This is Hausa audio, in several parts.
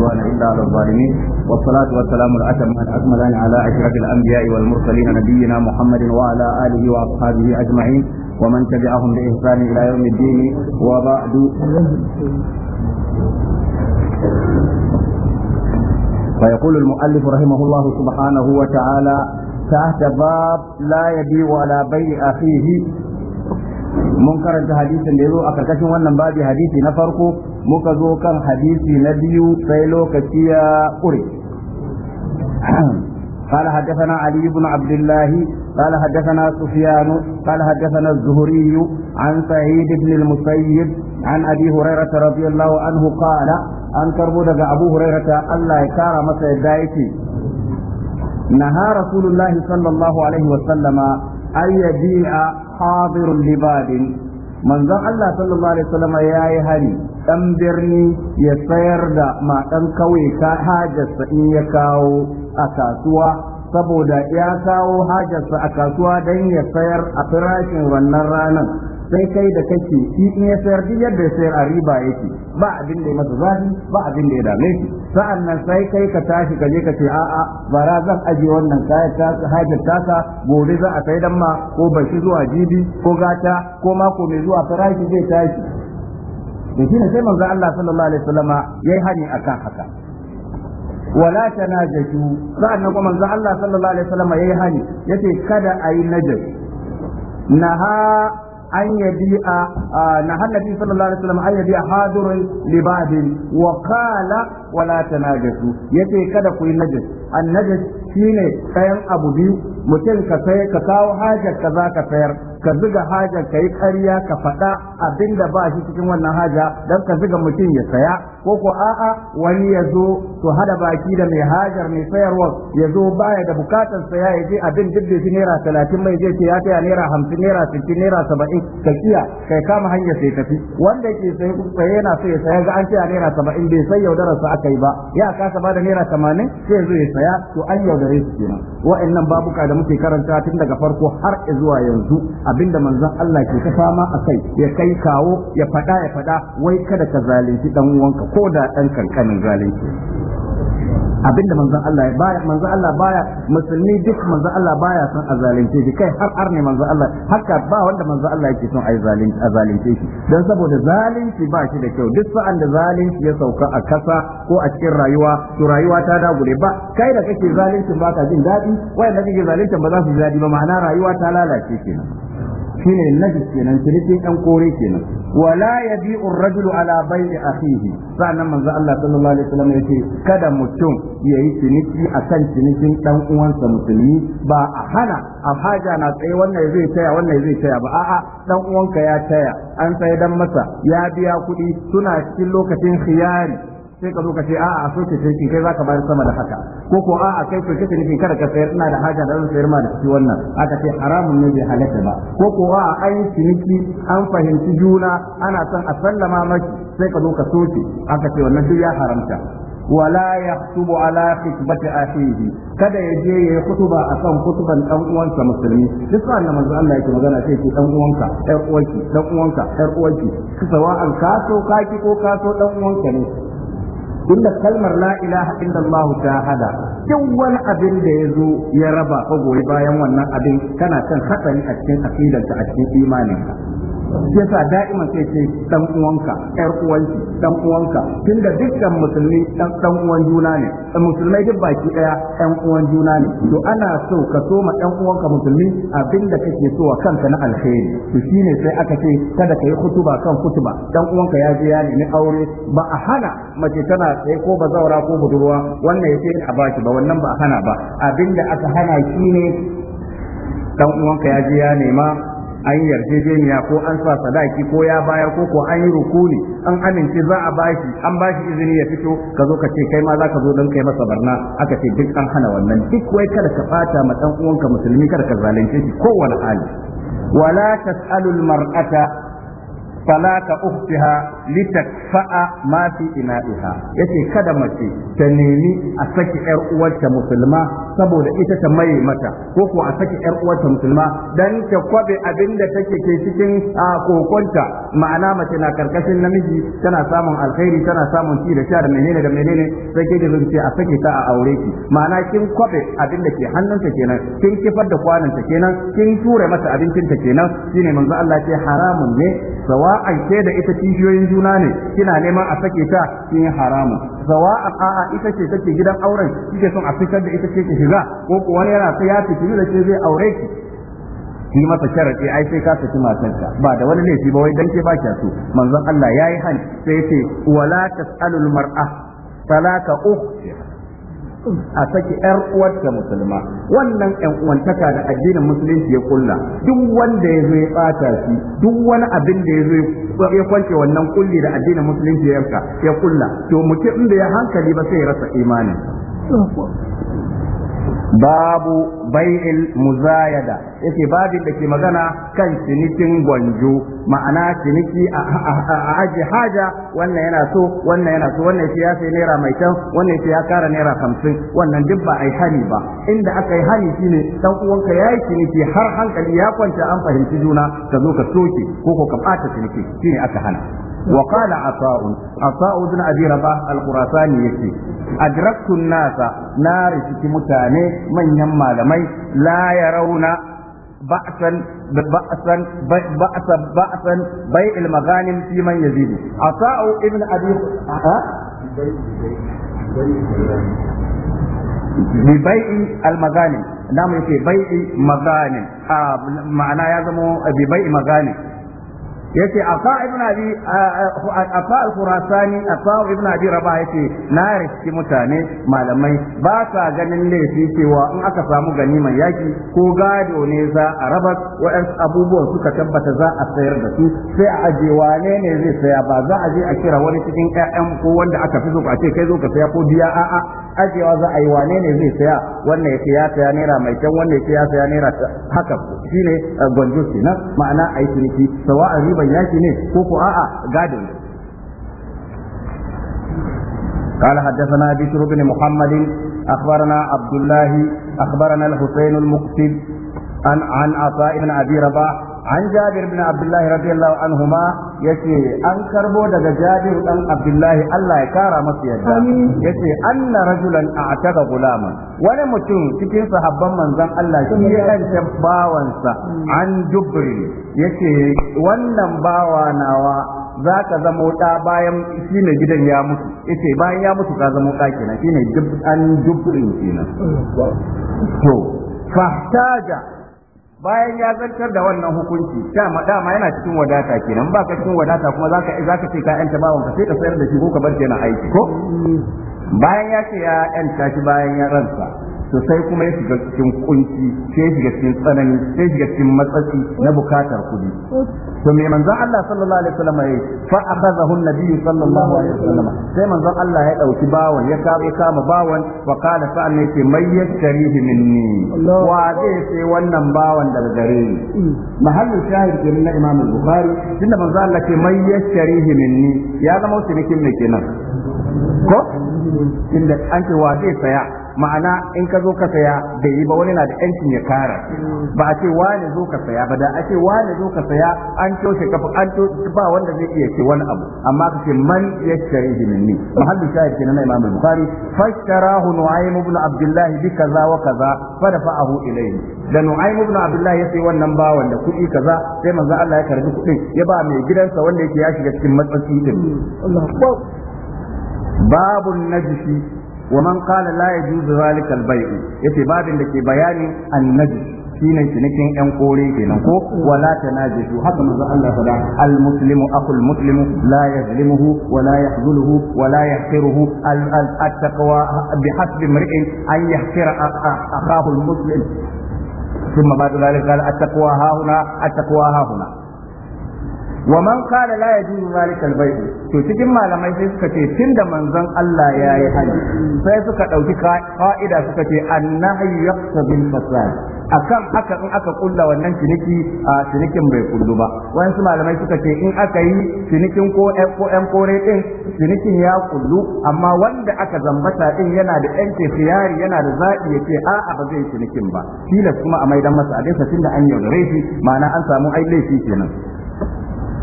عدوان إلا على الظالمين والصلاة والسلام الأتمان الأكملان على أشرف الأنبياء والمرسلين نبينا محمد وعلى آله وأصحابه أجمعين ومن تبعهم بإحسان إلى يوم الدين وبعد فيقول المؤلف رحمه الله سبحانه وتعالى تحت باب لا يبيع على بيع أخيه منكر الحديث hadisin أكركشن ya zo a wannan babi hadisi na farko muka zo kan hadisi na biyu sai lokaci ya ƙure قال حدثنا علي بن عبد الله قال حدثنا سفيان قال حدثنا الزهري عن سعيد بن المسيب عن أبي هريرة رضي الله عنه قال أن كربو أبو هريرة الله يكار مسعد دايتي نهى رسول الله صلى الله عليه وسلم أن يبيع حاضر لباد من ذا الله صلى الله عليه وسلم يا هني Ɗan birni ya sayar da ma dan kauye hajarsa in ya kawo a kasuwa saboda ya kawo hajarsa a kasuwa don ya sayar a firashin wannan ranar sai kai da kake shi in ya sayar duk yadda ya sayar a riba yake ba abin da ya masa zafi ba abin da ya dame shi sa'an nan sai kai ka tashi ka je ka ce a'a bara zan aje wannan kayan hajar tasa gobe za a sai dan ma ko bashi zuwa jibi ko gata ko mako mai zuwa farashi zai tashi to shine sai manzo Allah sallallahu alaihi wasallama yayi hani akan haka wala tanajatu nan kuma manzo Allah sallallahu alaihi wasallama yayi hani yace kada ayi najas naha an a naha nabi sallallahu alaihi wasallama an yadi'a hadirul libadin wa qala wala tanajatu yace kada ku yi najas an najas shine sayan abu biyu mutum ka sai ka kawo hajar ka za ka sayar ka zuga hajar ka yi ƙarya ka faɗa abin da ba shi cikin wannan haja don ka zuga mutum ya saya ko ko a'a wani ya zo to hada baki da mai hajar mai sayarwa ya zo baya da bukatar saya ya je abin duk da shi naira talatin mai zai ce ya taya naira hamsin naira sittin naira saba'in ka kiya kai kama hanyar sai tafi wanda ke sai saye yana so ya saya ga an taya naira saba'in bai sai yaudarar aka yi ba ya kasa ba da naira tamanin sai ya zo ya saya to an yaudare su kenan wa'annan babuka da muke karanta tun daga farko har zuwa yanzu abinda manzon Allah ke ta fama a kai ya kai kawo ya fada ya fada wai kada ka zalunci dan uwanka ko da dan kankanin zalunci abinda manzon Allah ya baya manzon Allah baya musulmi duk manzon Allah baya son a zalunce shi kai har har ne manzon Allah haka ba wanda manzon Allah yake son a zalunce a zalunce shi dan saboda zalunci ba shi da kyau duk sa'an da zalunci ya sauka a kasa ko a cikin rayuwa to rayuwa ta dagure ba kai da kake zalunci ba ka jin daɗi da kake zalunci ba za su ji daɗi ba ma'ana rayuwa ta lalace kenan shine najis kenan cinikin yan kore kenan wala ya ar-rajulu ala bai'i akhihi sannan manzo Allah sallallahu alaihi wasallam yace kada mutum yayi ciniki kan cinikin dan uwansa musulmi ba a hana a haja na tsaye wannan zai taya wannan zai taya ba a'a ɗan uwanka ya taya an tsaye dan masa ya biya kuɗi suna cikin lokacin khiyari sai ka zo ka ce a'a a soke shirkin kai zaka bayar sama da haka ko ko a'a kai soke shirkin kada ka sayar ina da haja da zan sayar ma da shi wannan aka ce haramun ne bai halatta ba ko ko a'a an yi ciniki an fahimci juna ana son a sallama maki sai ka zo ka aka ce wannan duk ya haramta wala يخطب ala khutbati أخيه kada ya je ya yi kutuba a kan kutuban uwansa musulmi duk sai da manzo Allah yake magana sai ki dan uwanka ɗan uwanki dan uwanka ɗan uwanki sawa'an ka kaso ka ko kaso dan uwanka ne tunda kalmar la ilaha illallah ta hada duk wani abin da ya zo ya raba ko goyi bayan wannan abin kana kan hatsari a cikin ta a cikin imaninka yasa da'ima sai ce dan uwanka yar uwanki dan uwanka tunda dukkan musulmi dan uwan juna ne musulmai duk baki daya yan uwan juna ne to ana so ka so ma yan uwanka musulmi abinda kake so a kanka na alheri to shine sai aka ce kada kai kutuba kan kutuba dan uwanka ya je ya nemi aure ba a hana mace tana tsaye ko bazaura ko budurwa wannan yace a baki ba wannan ba a hana ba abinda aka hana shine dan uwanka ya je ya nema an yarjejeniya ko an sa sadaki ko ya baya ko ko an yi rukuni an amince za a bashi an bashi izini ya fito ka zo ka ce kai ma za ka zo dan kai masa barna aka ce duk an hana wannan duk wai kada ka fata ma dan uwanka musulmi kada ka zalunce shi wani hali wala tas'alul mar'ata talaka ukhtiha litakfa'a ma fi ina'iha yace kada mace ta nemi a saki yar uwarta musulma saboda ita ta mai mata ko ko a saki yar uwarta musulma dan ta kwabe abin da take ke cikin kokonta ma'ana mace na karkashin namiji tana samun alkhairi tana samun ci da sha da menene da menene sai ke ce a saki ta a aure ki ma'ana kin kwabe abin da ke hannunta kenan kin kifar da kwananta kenan kin tura mata abincinta kenan shine manzo Allah ya ce haramun ne sawa'an ke da ita kishiyoyin juna ne kina neman a sake ta kin haramu zawa a a'a ita ce take gidan auren kike son a fitar da ita ce ke shiga ko ko wani yana sai ya fiti da ke zai aure ki ki masa sharadi ai sai ka saki matarka ba da wani laifi ba wai dan ke ba kya so manzon Allah yayi hani sai yace wala tasalul mar'a talaka ukhtiha a saki yar uwarta musulma wannan yan uwantaka da addinin musulunci ya kulla duk wanda ya zo ya bata shi duk wani abin da ya zo ya kwance wannan kulli da addinin musulunci ya yanka ya kulla to mutum da ya hankali ba sai ya rasa imani babu bai'il muzayada yake babin da ke magana kan cinikin gwanjo ma'ana ciniki a aji haja wannan yana so wannan yana so wannan ya sai naira mai can wannan ya kara naira hamsin wannan duk ba a yi hani ba inda aka yi hani shine dan uwanka ya yi ciniki har hankali ya kwanta an fahimci juna ka zo ka soke ko ko ka bata ciniki shine aka hana وقال عطاء عطاء بن ابي رباح الخراساني يكي ادركت الناس نار في متاني من يما musulmai la ya rauna ba'san ba'san ba'san ba'san bai'il maghanim fi man yazidu asa'u ibn abi ha bi bai'i al-maghanim namu yake bai'i maghanim ma'ana ya zama bi bai'i maghanim yace afa ibn abi afa al-khurasani afa ibn abi rabah yace na riski mutane malamai ba sa ganin laifi cewa in aka samu ganimar yaki ko gado ne za a raba waɗansu abubuwan suka tabbata za a sayar da su sai a aje wane ne zai saya ba za a je a kira wani cikin ƴaƴan ko wanda aka fi so a ce kai zo ka saya ko biya a'a ajewa za a yi wane ne zai saya wannan yake ya saya naira mai can wannan yake ya saya naira haka shine eh, gwanjo kenan ma'ana a yi ciniki sawa'an riban yaki ne ko ko a'a gadin قال حدثنا بشر بن محمد أخبرنا عبد الله أخبرنا الحسين المقتل عن عطاء بن أبي رباح an jabir bin abdullahi radiyallahu ma yace an karbo daga jabir dan abdullahi Allah ya kara masa yadda yace anna rajulan a'taqa gulama wani mutum cikin sahabban manzon Allah shi ya kanta bawansa an jubri yace wannan bawa nawa za zama wuta bayan shi gidan ya mutu yace bayan ya mutu ta zama wuta kenan shine an jubrin kenan to fahtaja bayan ya zartar da wannan hukunci dama dama yana cikin wadata kenan ba ka cikin wadata kuma za ka ce ka yanta bawon ka sai ka sayar da shi ko ka bar shi yana aiki ko mm. bayan ya ce ya yanta shi bayan ya ransa to sai kuma ya shiga cikin kunci sai ya shiga cikin tsanani sai ya shiga cikin matsatsi na bukatar kudi to me manzon Allah sallallahu alaihi wasallam ya fa akhadahu an-nabi sallallahu alaihi wasallam sai manzon Allah ya dauki bawan ya kama kama bawan wa qala fa an ce, mai yashrihi minni wa zai sai wannan bawan daga gare ni mahallu shahid ke na Imam Bukhari tunda manzon Allah ce, mai yashrihi minni ya zama wasu nikin me kenan ko tunda an ce wa zai saya ma'ana in ka zo ka saya da yi ba wani na da yancin ya kara ba a ce wani zo ka saya ba da a ce wani zo ka saya an toshe kafa an toshe ba wanda zai iya ce wani abu amma ka ce man yashtari minni Mahallin shahid kenan na Imam Bukhari fashtarahu Nu'aym ibn Abdullah bi kaza wa kaza fa dafa'ahu ilayhi da Nu'aym ibn Abdullah ya sai wannan bawan da kuɗi kaza sai manzo Allah ya karbi kuɗin ya ba mai gidansa wanda yake ya shiga cikin matsatsi din Babu mm. na babun najisi wa man qala la yajuzu zalika al-bay'u yace babin da ke bayanin annabi shine cinikin yan kore kenan ko wala tanajisu haka manzo Allah fada al muslimu aqul muslimu la yazlimuhu wa la yahzuluhu wa la yahqiruhu al taqwa bihasbi an ثم بعد ذلك قال التقوى ها هنا التقوى ها هنا wa man qala la yajuzu zalika to cikin malamai sai suka ce tunda manzon Allah ya yi hali sai suka dauki fa'ida suka ce annahi yaqtabi al-fasad akan haka in aka kulla wannan ciniki a cinikin bai kullu ba wayansu malamai suka ce in aka yi cinikin ko ko kore din cinikin ya kullu amma wanda aka zambata din yana da yanke siyari yana da zaɓi ya a a'a ba zai cinikin ba tilas kuma a maidan masa a dai tunda an yaudare shi ma'ana an samu ai laifi kenan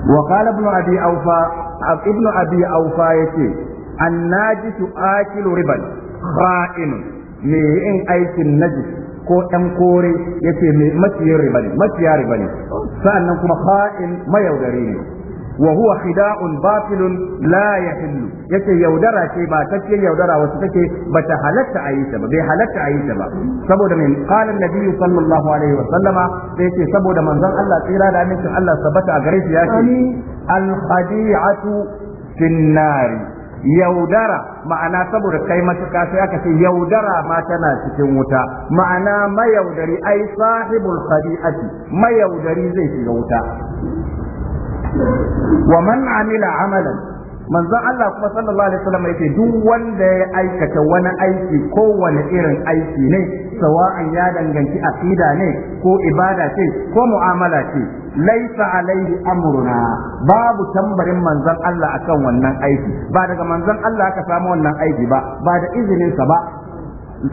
وقال ابن أبي أوفى ابن أبي أوفى يتي الناجس آكل ربا خائن من أيت النجس ko yan kore yace mai maciyin riba ne maciya riba ne sa'annan kuma kha'in mayaudari ne wa huwa khida'un batilun la yahillu yaudara ce ba take yaudara wasu take bata halatta a yi ta ba bai halatta a yi ta ba saboda min qala annabi sallallahu alaihi wa sallama sai yace saboda manzon Allah tsira da amincin Allah sabata a gare shi yace al khadi'atu fin yaudara ma'ana saboda kai matuka sai aka ce yaudara ma tana cikin wuta ma'ana mayaudari ai sahibul khadi'ati mayaudari zai shiga wuta wa man amila amalan manzon Allah kuma sallallahu alaihi wasallam yace duk wanda ya aikata wani aiki kowane irin aiki ne sawa'an ya danganci aqida ne ko ibada ce ko mu'amala ce laisa alaihi amruna babu tambarin manzon Allah akan wannan aiki ba daga manzon Allah aka samu wannan aiki ba ba da izinin ba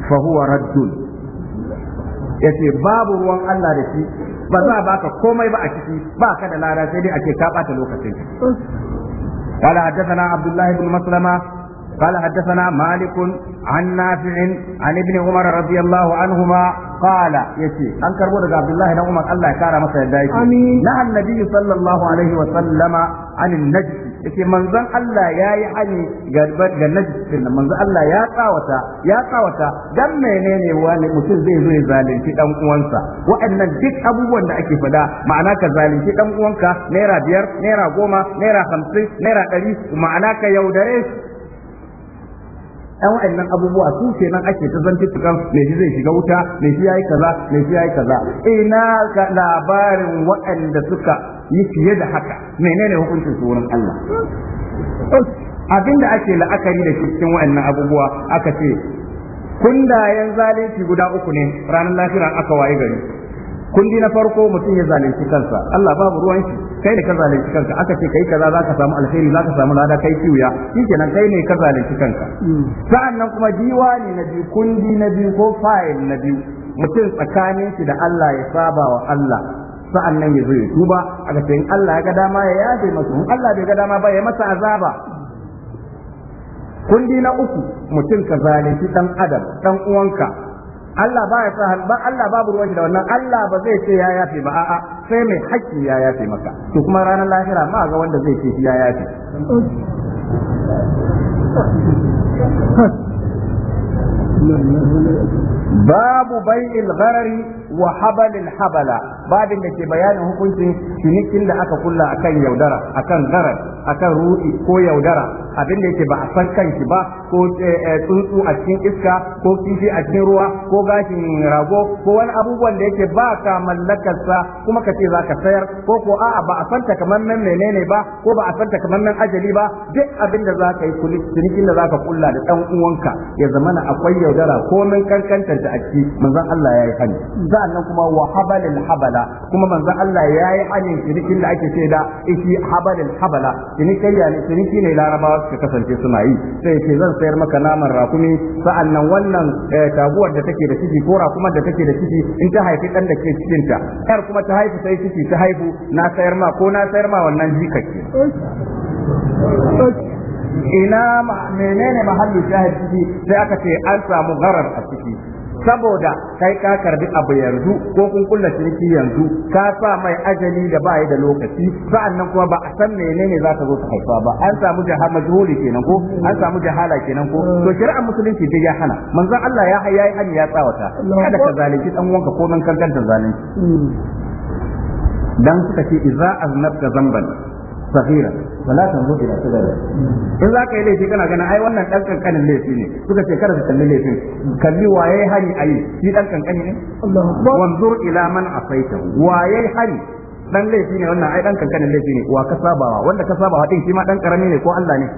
fa huwa raddun yace babu ruwan Allah da shi ba za a baka komai ba a ciki ba ka da lada sai dai a ce ka bata lokacin قال حدثنا عبد الله بن مسلمة قال حدثنا مالك عن نافع عن ابن عمر رضي الله عنهما قال يتي أن كربو عبد الله بن عمر الله كان مسا يدايك نهى النبي صلى الله عليه وسلم عن النجس yake manzon Allah ya yi hani ga najisin nan manzon Allah ya tsawata ya tsawata dan menene wani mutum zai zo ya zalunci dan uwansa waɗannan duk abubuwan da ake fada ma'ana ka zalunci dan uwanka naira biyar naira goma naira hamsin naira ɗari ma'ana ka yaudare ɗan wa'annan abubuwa su ke nan ake ta zanci tukan me shi zai shiga wuta me shi yayi kaza me shi yayi kaza ina ga labarin wa'anda suka yi fiye da haka menene hukuncin su wurin Allah abinda ake la'akari da shi cikin wa'annan abubuwa aka ce kundayen zalunci guda uku ne ranar lafiya aka waye gari kundi na farko mutum ya zalunci kansa Allah babu ruwan shi kai ne ka zalunci kanka aka ce kai kaza zaka samu alheri zaka samu lada kai kiwiya shikenan kai ne ka zalunci kanka hmm. sa'annan kuma diwani na biyu kundi na biyu ko fayil na biyu mutum tsakanin shi da Allah ya saba wa Allah sa'annan ya zo ya tuba aka ce in Allah ya ga dama ya yafe masa in Allah bai ga dama ba ya masa azaba kundi na uku mutum ka zalunci dan adam dan uwanka Allah ba ya sa ba Allah babu ruwan shi da wannan Allah ba zai ce ya yafe ba a'a sai mai haƙƙi ya yafe maka to kuma ranar lahira ma ga wanda zai ce ya yafe babu bai'il gharari wa habalil habala babin da ke bayanin hukuncin cinikin da aka kulla akan yaudara akan garar akan ruɗi ko yaudara abin da yake ba a san kanki ba ko eh, eh, tsuntsu a cikin iska ko kifi a cikin ruwa ko gashin rago ko wani abubuwan da yake ba ka mallakarsa kuma ka ce za ka sayar ko ko a'a ba a san takamaiman menene ba ko ba a san takamaiman ajali ba duk abin da za yi cinikin da za ka kulla da ɗan uwanka ya zamana akwai yaudara komin kankantanta a ciki manzon Allah ya yi hani nan kuma wa habalil habal habala kuma manzo Allah yayi anin cinikin da ake ce da ishi habalin habala ya ne ciniki ne larabawa suka kasance suna yi sai ce zan sayar maka naman rakumi sa'annan wannan eh, taguwar da take da ciki ko kuma da take da ciki in ta haifi dan da ke cikin ta yar kuma ta haifi sai ciki ta haifu na sayar ma ko na sayar ma wannan ke ina menene mahallin shahid ciki sai aka ce an samu gharar a ciki saboda kai ka karbi abu yanzu ko kun kulla shirki yanzu ka sa mai ajali da ba yi da lokaci sa'annan kuma ba a san menene za ta zo ta haifa ba an samu jaha majhuli kenan ko an samu jahala kenan ko to shari'ar musulunci dai ya hana manzon Allah ya yi hani ya tsawata kada ka zalunci dan uwanka ko nan kankanta zalunci hmm. dan suka ce idza aznabta zamban saghira wala tanzu ila sabari in za ka yi laifi kana ganin ai wannan dan kankanin laifi ne suka ce kada ka kalli laifin kalli waye hari ayi shi dan kankani ne wanzur ila man afaita waye hari dan laifi ne wannan ai dan kankanin laifi ne wa ka sabawa wanda ka sabawa din shi ma dan karami ne ko Allah ne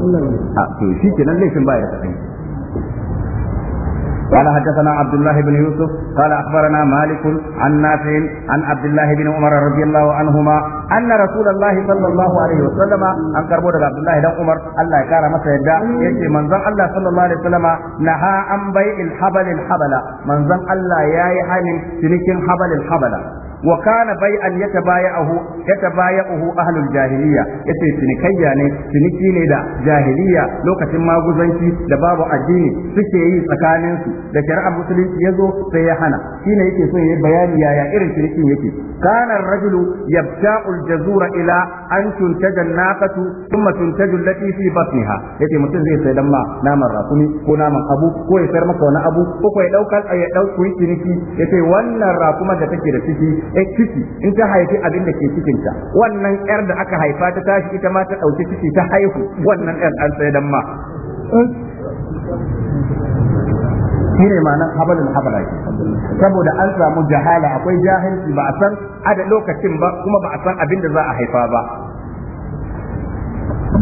Allah ne a ah, to shi kenan laifin ba ya da قال حدثنا عبد الله بن يوسف قال اخبرنا مالك عن نافع عن عبد الله بن عمر رضي الله عنهما ان رسول الله صلى الله عليه وسلم ان كربو daga عبد الله بن عمر الله يكرمه masa yadda yace manzon Allah sallallahu alaihi wasallam naha an bai'il habal al habala manzon Allah yayi hanin cinikin habal al habala wa kana bai'an yatabaya'uhu yatabaya'uhu ahlul jahiliya yace cinikayya ne ciniki ne da jahiliya lokacin maguzanci da babu addini suke yi tsakanin su da shari'a musulunci ya zo sai ya hana shine yake so yayi bayani yaya irin cinikin yake Sanar rajulu yabta'u al-jazura ila an tuntaja an-naqatu thumma tuntaja allati fi batniha yace mutum zai sai dan ma naman rakumi ko naman abu ko ya sayar maka wani abu ko ya dauka ya dauki ciniki yace wannan rakuma da take da ciki ciki in ta haifi abin da ke cikinta wannan yar da aka haifa ta tashi ita ma ta ɗauki ciki ta haihu wannan yar an sai dan ma shi ne ma'anar habalin habala saboda an samu jahala akwai jahilci ba a san ada lokacin ba kuma ba a san abin da za a haifa ba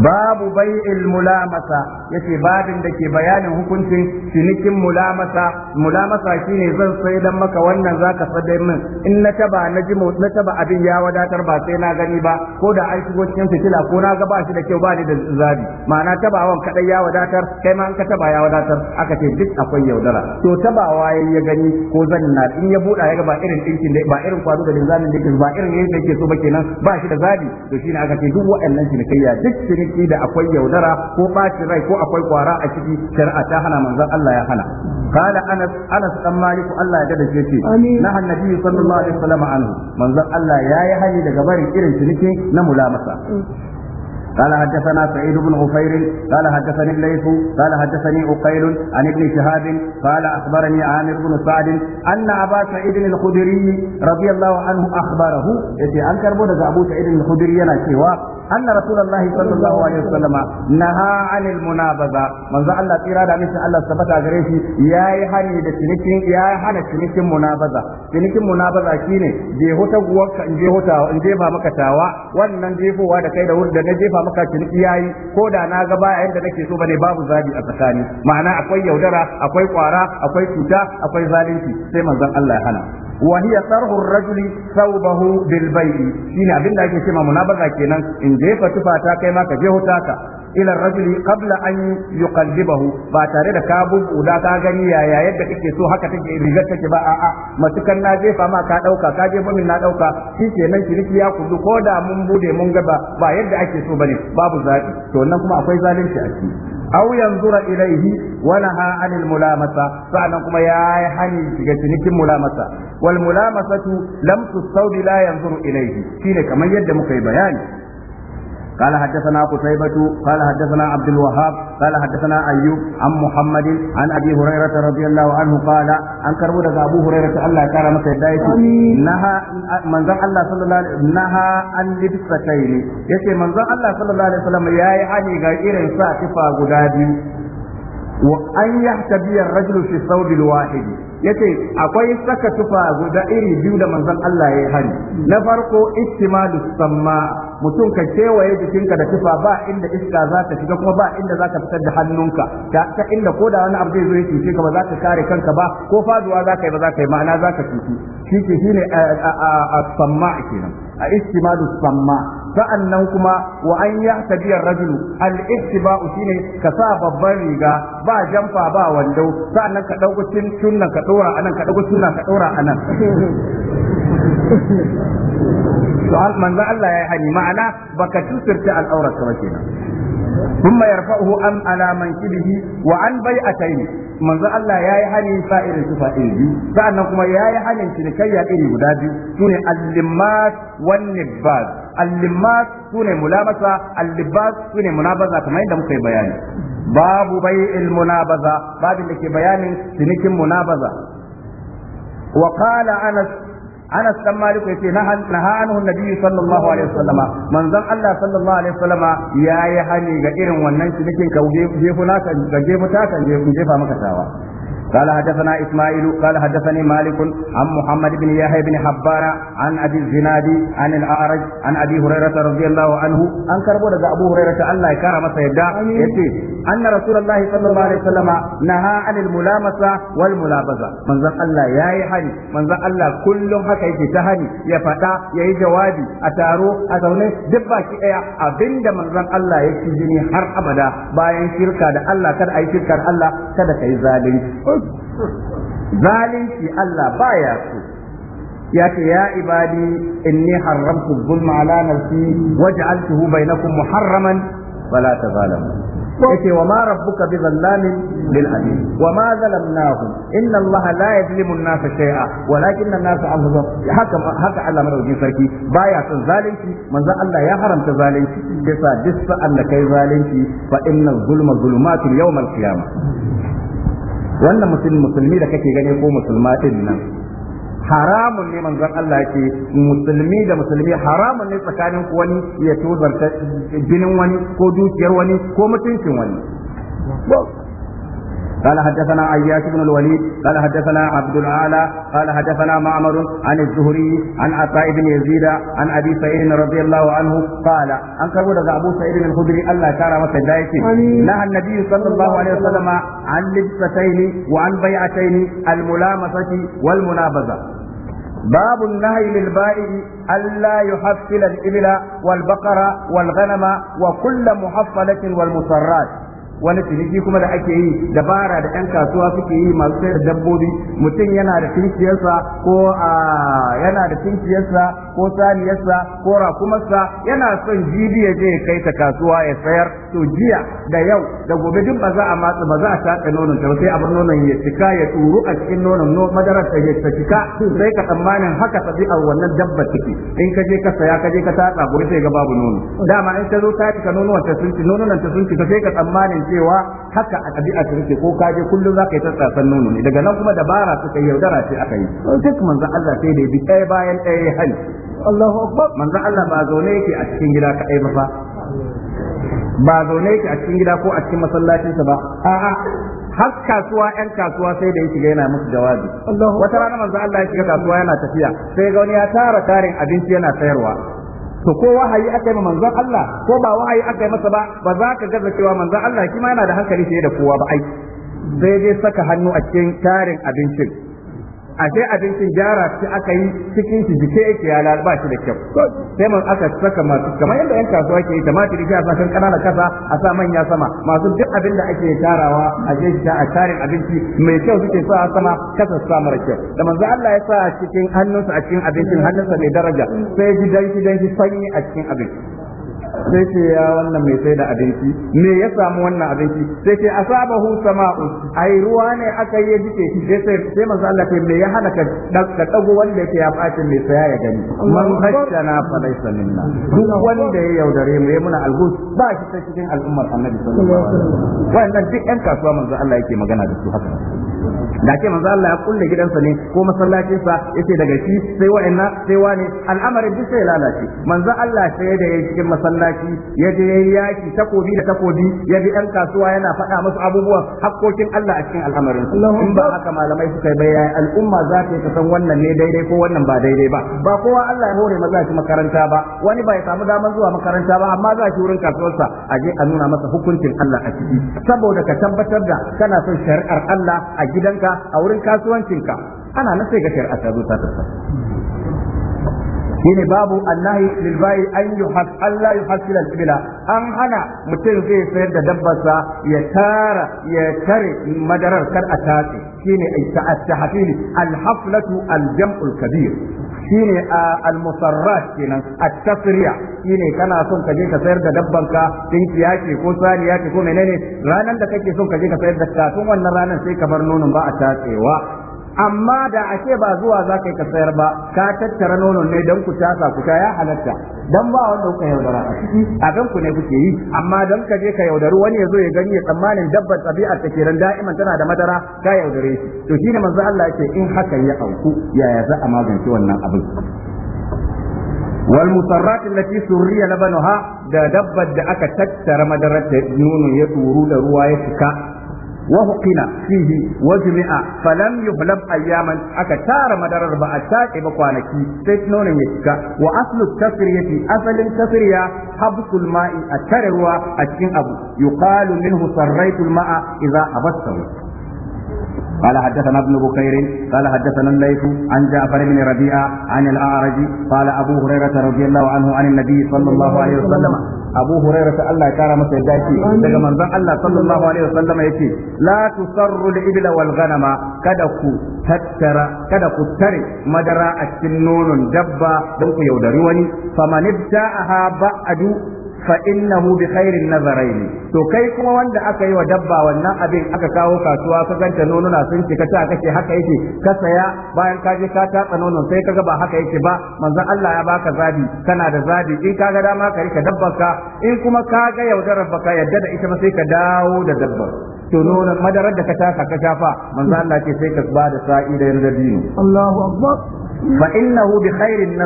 babu bai'il mulamasa yake babin da ke bayanin hukuncin cinikin mulamasa mulamasa ne zan sai dan maka wannan zaka sadai min in na taba na ji na taba abin ya wadatar ba sai na gani ba ko da an shigo cikin fitila ko na ga ba shi da kyau ba ni da zabi ma'ana tabawan kadai ya wadatar kai ma an ka taba ya wadatar aka ce duk akwai yaudara to tabawa yayi ya gani ko zan na in ya buda ya ga ba irin dinkin da ba irin kwado da linzamin da ba irin da yake so ba kenan ba shi da zabi to shine aka ce duk wa'annan cinikayya duk ciniki da akwai yaudara ko bacin rai ko akwai kwara a ciki shari'a ta hana manzon Allah ya hana قال انس انس بن مالك الله ya dade yake naha annabi sallallahu alaihi wasallam anhu manzon Allah yi hani daga barin irin ciniki na mulamasa mm. قال حدثنا سعيد بن عفير قال حدثني الليث قال حدثني عقيل عن ابن شهاب قال اخبرني عامر بن سعد ان ابا سعيد الخدري رضي الله عنه اخبره يتي ان كربو ابو سعيد الخدري yana cewa أن رسول الله صلى الله عليه وسلم نهى عن المنابذة من زعل الله تيرا دا مثل الله سبت أغريشي يا يحني دا تنكين يا يحني تنكين منابذة تنكين منابذة كيني جي هوتا قوك جي هوتا جي فا مكتاوا وانن جي فوا دا كيدا ورد جي فا maka iyayi yayi ko da na ga baya yadda nake so bane babu zabi a tsakani ma'ana akwai yaudara akwai kwara akwai cuta akwai zalunci sai manzon Allah ya hana wa hiya tarhu ar-rajul thawbahu bil bay'i shine abin da ake cewa munabaza kenan in jefa tufa ta kai ma ka je hutaka ila kabla anyi an yuqallibahu ba tare da ka bubuda ka gani yaya yadda kake so haka take rigar take ba a'a matukan na jefa ma ka ɗauka ka jefa min na ɗauka dauka shikenan kiriki ya kullu ko da mun bude mun ga ba yadda ake so ba bane babu zabi to nan kuma akwai zalunci a ciki aw yanzura ilaihi wa naha anil mulamasa sa'an kuma yayi hani daga cinikin mulamasa wal mulamasatu lam tustawdi la yanzuru ilaihi ne kamar yadda muka yi bayani قال حدثنا قتيبة قال حدثنا عبد الوهاب قال حدثنا أيوب عن محمد عن أبي هريرة رضي الله عنه قال عن كربو أبو هريرة الله كان مسيدايته نهى من الله صلى الله عليه وسلم نهى عن لبس شيء يتي من الله صلى الله عليه وسلم يا يعني غير ساكفة غدادي وأن يحتبي الرجل في الثوب الواحد yace akwai saka tufa guda iri biyu da manzon Allah ya hari na farko ittimalu samma mutum ka kewaye jikinka da tufa ba inda iska za ta shiga kuma ba inda za ka fitar da hannunka ta inda koda wani abu zai zo ya cuce ka ba za ka kare kanka ba ko faduwa za ka yi ba za ka yi ma'ana za ka cuci shi ke shine a samma kenan a istimadu samma sa'annan kuma wa an yahtadiyar rajulu al ihtiba'u shine ka sa babban riga ba jamfa ba wando sa'annan ka dauko sunna ka dora anan ka dauko sunna ka dora anan to manzo Allah ya hani ma'ana baka tusirta al'aurat ka ba kenan ثم يرفعه أم على منكبه وعن بيعتين manzo Allah ya yi hanin sa irin su fa'in biyu sa'annan kuma ya yi hanin cinikayya iri guda biyu sune al-limmat wan nibaz al-limmat sune mulamasa al-nibaz sune munabaza kamar yadda muka bayani babu bai'il munabaza babin da ke bayanin cinikin munabaza wa ana. Anas dan Malik yace na anhu Nabi sallallahu alaihi wasallam manzon Allah sallallahu alaihi wasallam yayi hani ga irin wannan cinikin ka jefu naka ga jefu taka jefu jefa maka tawa قال حدثنا إسماعيل قال حدثني مالك عن محمد بن يحيى بن حبان عن أبي الزناد عن الأعرج عن أبي هريرة رضي الله عنه أن كربو أبو هريرة الله كرم سيدا أن رسول الله صلى الله عليه وسلم نهى عن الملامسة والملابسة من ذا الله يا هني من ذا الله كل حكا يجي تهني يا فتا يا جوادي أتارو أتوني دباكي أيا أبند من ذا الله يجي har abada bayan shirka da Allah kada a yi shirkar Allah kada ka yi zalunci zalunci Allah baya so ya ce ya ibadi ni haramtu zulma ala nafsi waj'altuhu bainakum muharraman fala tazalamu yake wa ma rabbuka bi zallamin lil abid wa ma zalamnahum inna allaha la yuzlimu an-nasa shay'a walakinna an-nasa anfusahum haka haka Allah madaukin sarki baya son zalunci manzo Allah ya haramta zalunci yasa duk sa'an da kai zalunci fa inna zulma zulumatul yawm al-qiyamah wannan musulmi musulmi da kake gani ko musulma din nan haramun ne manzon Allah yake musulmi da musulmi haramun ne tsakanin ku wani ya tozarta jinin wani ko dukiyar wani ko mutuncin wani قال حدثنا عياش بن الوليد قال حدثنا عبد العالى قال حدثنا معمر عن الزهري عن عطاء بن يزيد عن ابي سعيد رضي الله عنه قال ان كربو daga ابو سعيد الخدري الله كرم masa daiki نهى النبي صلى الله عليه وسلم عن لبستين وعن بيعتين الملامسه والمنابذه باب النهي للبائع ألا يحفل الإبل والبقر والغنم وكل محفلة والمصرات wani ciniki kuma da ake yi dabara da yan kasuwa suke yi masu sayar da dabbobi mutum yana da tinkiyarsa ko a yana da tinkiyarsa ko saniyarsa ko rakumarsa yana son jibi ya je ya kai ta kasuwa ya sayar to jiya da yau da gobe duk ba za a matsa ba za a tatsa nonon ta sai a nonon ya cika ya turu a cikin nonon no madarar ta ya cika sai ka tsammanin haka tabi'ar wannan dabba take in ka je ka saya ka je ka tatsa gobe sai ga babu nono dama in ta zo ta cika nonon ta sun ci nonon ta sun ci sai ka tsammanin cewa haka a ɗabi'a ta rike ko kaje kullum za ka yi tsatsasan nono ne daga nan kuma dabara suka yi yaudara ce aka yi duk manzan Allah sai da bi ɗaya bayan ɗaya hali Allahu akbar manzan Allah ba zaune yake a cikin gida kaɗai ba fa ba zaune yake a cikin gida ko a cikin masallacinsa ba a'a har kasuwa yan kasuwa sai da ya shiga yana musu jawabi wata rana manzan Allah ya shiga kasuwa yana tafiya sai ga wani ya tara tarin abinci yana sayarwa to ko wahayi aka yi manzon Allah ko ba wahayi aka yi masa ba ba za ka gaza cewa manzon Allah Kima yana da hankali sai da kowa ba ai sai dai saka hannu a cikin tarin abincin ashe abincin gyara shi aka yi cikin shi jike yake ya lalba shi da kyau sai man aka saka masu kamar yadda yan kasuwa ke yi mata sai a sa kan kanana kasa a sa manya sama masu duk abin da ake tarawa a jeji ta a tarin abinci mai kyau suke sa sama kasa sa mara kyau da manzo Allah ya sa cikin hannunsa a cikin abincin hannunsa mai daraja sai ji dan shi sanyi a cikin abinci sai ce ya wannan mai sai da abinci me ya samu wannan abinci sai ce asabahu sama'u ai ruwa ne aka yi jike sai sai sai manzo Allah ce me ya halaka da dago wanda yake ya faci mai saya ya gani man hajjana fa laysa minna duk wanda ya yaudare mu ya muna algus ba shi cikin al'ummar Annabi sallallahu alaihi wasallam wannan duk ɗan kasuwa manzo Allah yake magana da su haka da ke manzo Allah ya kulle gidansa ne ko masallacin sa yace daga shi sai wa'anna sai wani al'amari duk sai lalace manzo Allah sai da yayi cikin masallaci ya je yayi yaki takobi da takobi ya bi ɗan kasuwa yana faɗa musu abubuwan hakkokin Allah a cikin al'amarin in ba haka malamai suka yi bayani al'umma za ta ta san wannan ne daidai ko wannan ba daidai ba ba kowa Allah ya hore maza shi makaranta ba wani ba ya samu daman zuwa makaranta ba amma za shi wurin kasuwarsa a je a nuna masa hukuncin Allah a ciki saboda ka tabbatar da kana son shari'ar Allah a gidanka a wurin kasuwancinka ana na sai ga shari'a ta zo ta shi ne babu annahi lil an yi Allah yuhasil hasila tsibila an hana mutum zai sayar da dabbarsa ya tara ya tare madarar kar a tace shine ne a tahfil al haflatu alhaflatu jam'ul kabir shine al almusarrat kenan at-tasriya shine kana son ka je ka sayar da dabban ka tinkiya ce ko saniya ce ko menene ranan da kake son ka je ka sayar da kafin wannan ranan sai ka bar nonon ba a tatsewa amma da a ce ba zuwa za ka yi ka sayar ba ka tattara nono ne don ku tasa ku ta ya halatta Don ba wanda kuka yaudara a ciki abin ku ne kuke yi amma don ka je ka yaudaru wani ya zo ya gani ya tsammanin dabbar tabi'ar ta kenan da'iman tana da madara ka yaudare shi to shine manzo Allah yake in hakan ya auku yaya za a magance wannan abin wal musarrat allati surriya labanaha da dabbar da aka tattara madarar ta nono ya tsuru da ruwa ya fika وهقنا فيه وجمع فلم يهلب أياما أكتار مدرر بأشاك بقوانكي سيتنون يتكا وأصل التفرية أصل التفرية حبس الماء أتروا أتين أبو يقال منه سريت الماء إذا أبسته قال حدثنا ابن بكير قال حدثنا الليث عن جعفر بن ربيعة عن الأعرج قال أبو هريرة رضي الله عنه عن النبي صلى الله عليه وسلم أبو هريرة الله كان مسجداتي daga manzon Allah sallallahu alaihi wasallam yake la tusarru al-ibla wal kada ku tattara kada ku tare madara a cikin nonon dabba don ku yaudari wani famanibta'aha fa innahu bi khairin ne. to kai kuma wanda aka yi wa dabba wannan abin aka kawo kasuwa ka ganta nonuna sun cika ta kake haka yake ka saya bayan ka je ka tatsa nonon sai kaga ba haka yake ba manzon Allah ya baka zabi kana da zabi in kaga dama ka rika dabbarka in kuma kaga yaudarar baka yadda da ita ba sai ka dawo da dabbar to nonon madarar da ka taka ka shafa manzon Allah ce sai ka ba da sa'i da yardabino Allahu akbar fa innahu bi khairin ne.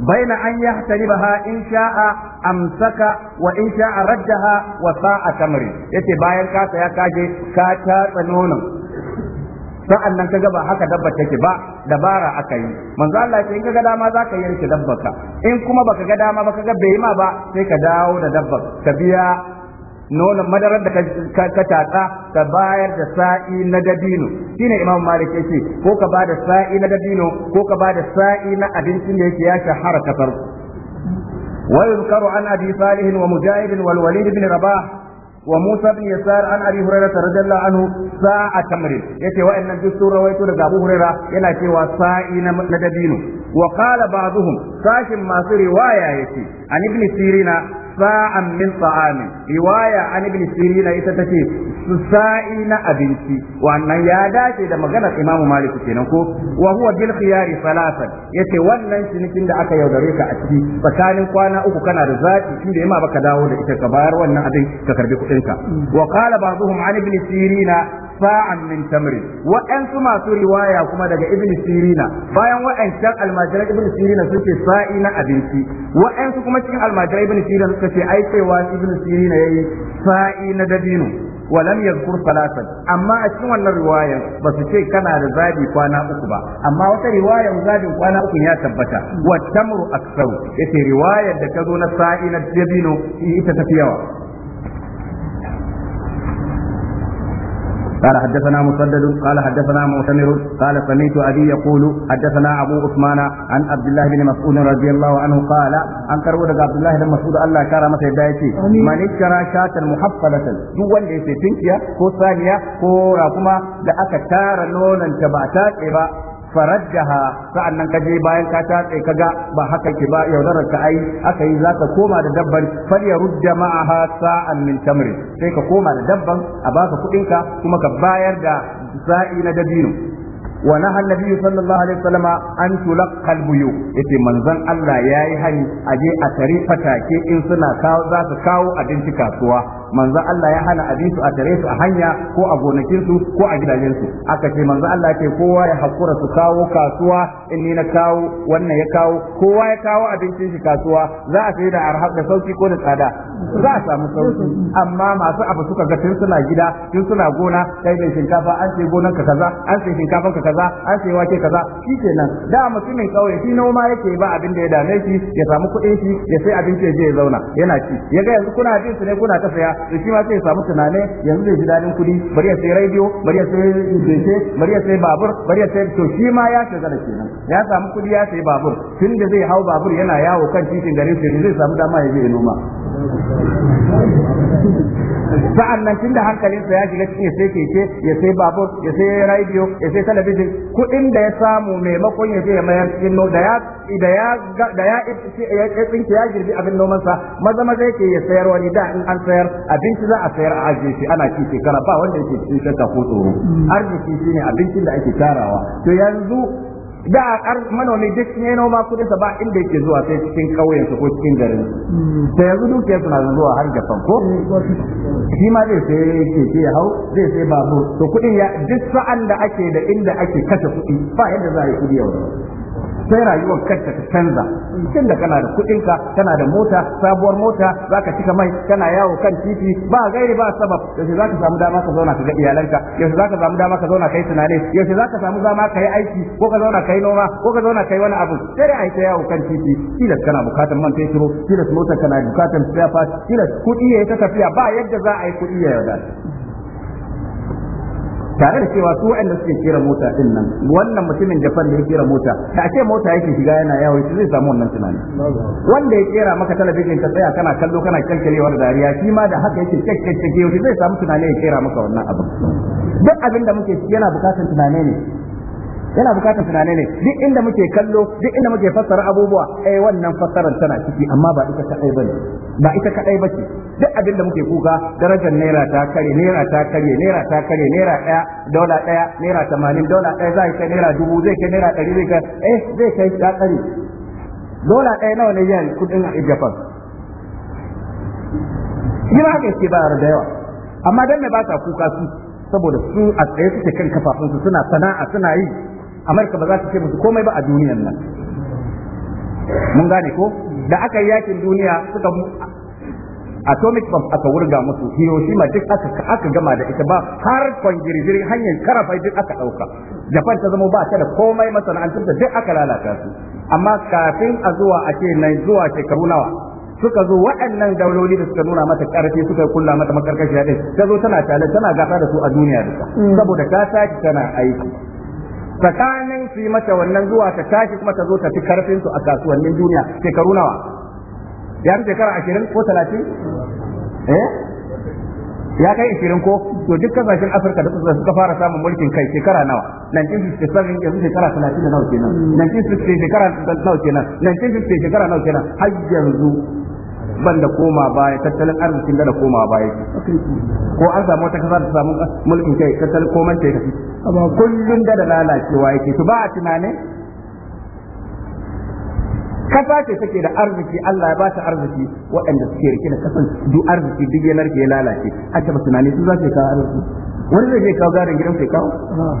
Baina بين أن in sha'a شاء أمسك وإن شاء ردها وساء تمر يتي باين كاسا يا كاجي كاتا نونا sa'an nan ka ga ba haka dabba take ba dabara aka yi manzo Allah ce in kaga dama za ka yanke dabbarka in kuma baka ga dama ka ga bai ma ba sai ka dawo da dabbar ka biya nonon madarar da ka tatsa ka bayar da sa'i na dabino shine imam malik yace ko ka bada sa'i na dabino ko ka bada sa'i na abincin da yake ya shahara kasar ويذكر عن ابي صالح ومجاهد والوليد بن رباح وموسى بن يسار عن ابي هريره رضي الله عنه ساعة تمر يتي وان الدستور رويته لغا ابو هريره يلا تيوا ساعي ندبينه وقال بعضهم ساش ما روايه يتي عن ابن سيرين sa'an min ta'amin riwaya an ibn sirin ita tace su sa'i na abinci wannan ya dace da maganar imamu malik kenan ko wa huwa bil khiyari salatan yace wannan cinikin da aka yaudare ka a ciki tsakanin kwana uku kana da zaki shi da yamma baka dawo da ita ka bayar wannan abin ka karbi kuɗin ka wa qala ba'dhum an ibn sa'an min tamrin wa'ansu masu riwaya kuma daga ibn sirina bayan wa'ancan almajiran ibn sirina suke sa'i na abinci wa'ansu kuma cikin almajiran ibn sirina suka ce ai cewa ibn sirina yayi sa'i na dabino ولم يذكر ثلاثا اما cikin wannan riwaya ba su ce kana da zabi kwana uku ba amma wata riwayan zabin kwana uku ya tabbata wa tamru aktsaru yace riwayar da ta zo na sa'i na dabino ita tafi yawa قال حدثنا مسدد قال حدثنا معتمر قال سمعت ابي يقول حدثنا ابو عثمان عن عبد الله بن مسعود رضي الله عنه قال عن كربو عبد الله بن مسعود الله كرا مسا يدايتي من اشترى شاة محفلة duk wanda ya sai tinkiya ko saniya ko rakuma da aka tara nonon ta ba ta ba faraddaha sa'annan ka je bayan ka tatse ka ga ba haka ki ba yaudarar ka ai aka yi zaka koma da dabban fal yarudda ma'aha sa'an min tamri sai ka koma da dabban a baka kudin ka kuma ka bayar da sa'i na dabino wa naha annabi sallallahu alaihi wasallam an tulaqqa albuyu yace manzon Allah yayi hani a je a tare fatake in suna kawo za su kawo abinci kasuwa manzon Allah ya hana abin su a tare su a hanya ko a gonakin su ko a gidajen su aka ce manzo Allah ce kowa ya hakura su kawo kasuwa in ni na kawo wannan ya kawo kowa ya kawo abincin shi kasuwa za a sayi da arha da sauki ko da tsada za a samu sauki amma masu abu suka ga tun suna gida tun suna gona kai da shinkafa an sai gonar ka kaza an sai shinkafan ka kaza an sai wake kaza kenan da mutumin kauye shi noma yake ba abin da ya dame shi ya samu kuɗin shi ya sai abinci ya je ya zauna yana ci ya ga yanzu kuna abin su ne kuna ta saya to shi ma sai samu tunane yanzu zai ji dadin kuɗi, bari ya sai radio bari ya sai keke bari ya sai babur bari ya sai to shi ma ya shagala kenan ya samu kudi ya sai babur Tun da zai hau babur yana yawo kan titin garin sai zai samu dama ya je noma sa'an nan hankalin hankalinsa ya shiga cikin ya sai keke ya sai babur ya sai radio ya sai talabijin kuɗin da ya samu maimakon ya je ya mayar cikin da ya da ya da ya tsinke ya girbi abin nomansa maza maza yake ya sayar wani da in an sayar abinci za a sayar a ajiye shi ana ci shekara ba wanda yake cikin shakka ko tsoro arziki shine abincin da ake tarawa to yanzu da manomi duk ne noma kudin sa ba inda yake zuwa sai cikin kauyen su ko cikin garin da mm. yanzu dukiyar suna zuwa har Japan ko mm. shi ma zai sai keke ya hau zai sai babur to kudin ya duk sa'an da ake da inda ake kashe kudi ba yadda za a yi kudi yau sai rayuwar kanta ta canza tun da kana da kuɗinka kana da mota sabuwar mota za ka cika mai kana yawo kan titi ba gairi ba sabab yaushe zaka samu dama ka zauna ka ga iyalanka yaushe zaka samu dama ka zauna kai tunani yaushe za ka samu dama kai aiki ko ka zauna kai noma ko ka zauna kai wani abu sai dai ai ta yawo kan titi kila kana bukatar man fetur kila motar kana bukatar spare tilas kila kuɗi ya ta tafiya ba yadda za a yi kuɗi ya yaudace tare da cewa su waɗanda suke kira mota din nan wannan mutumin jafar da ya kira mota da ake mota yake shiga yana yawo shi zai samu wannan tunani wanda ya kera maka talabijin ka tsaya kana kallo kana kalkalewa da dariya shi ma da haka yake kyakkyakke zai samu tunani ya kera maka wannan abin duk abin da muke yana bukatan tunani ne yana bukatar tunane ne duk inda muke kallo duk inda muke fassara abubuwa eh wannan fassarar tana ciki amma ba ita kadai bane ba ita kadai bace duk abin da muke kuka darajar naira ta kare naira ta kare naira ta kare naira daya dola daya naira 80 dola daya zai kai naira dubu zai kai naira 100 zai kai eh zai kai ta kare dola daya nawa ne yan kudin Japan kina ga ke ba da yawa amma dan me ba ta kuka su saboda su a tsaye suke kan kafafunsu suna sana'a suna yi amurka ba za ta ce musu komai ba a duniyan nan mun gane ko da aka yi yakin duniya suka atomic bomb aka wurga musu Hiroshima duk aka gama da ita ba har kwangirgirin hanyar karafai duk aka dauka Japan ta zama ba ta da komai masana'antar da duk aka lalata su amma kafin a zuwa a ce nan zuwa shekaru nawa suka zo waɗannan dauloli da suka nuna mata ƙarfi suka kulla mata makarkashiya ɗin ta zo tana tale tana gasa da su a duniya duka mm. saboda ta tashi tana aiki tsakanin su yi mata wannan zuwa ta tashi kuma ta zo ta fi karfin su a kasuwannin duniya shekaru nawa ya fi shekara ashirin ko talatin eh ya kai ashirin ko to duk kasashen afirka da suka fara samun mulkin kai shekara nawa 1957 yanzu shekara talatin da nawa kenan 1960 shekara nawa kenan 1950 shekara nawa kenan har yanzu ban da koma baya tattalin arzikin da koma baya ko an samu wata kasa ta samu mulkin kai tattalin komai kai tafi amma kullun da da lalacewa yake to ba a tunane kasa ce take da arziki Allah ya ba ta arziki waɗanda suke rike da kasan duk arziki duk yanar ke lalace a ta ba tunane su za su kawo arziki wani zai ke kawo garin gidan sai kawo ah.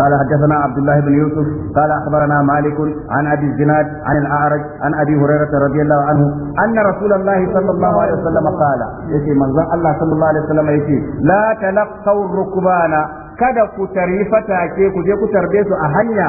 قال حدثنا عبد الله بن يوسف قال اخبرنا مالك عن ابي الزناد عن الاعرج عن ابي هريره رضي الله عنه ان رسول الله صلى الله عليه وسلم قال يتي من الله صلى الله عليه وسلم يتي لا تلقوا الركبان kada ku tarifa take ku je ku tarbe su a hanya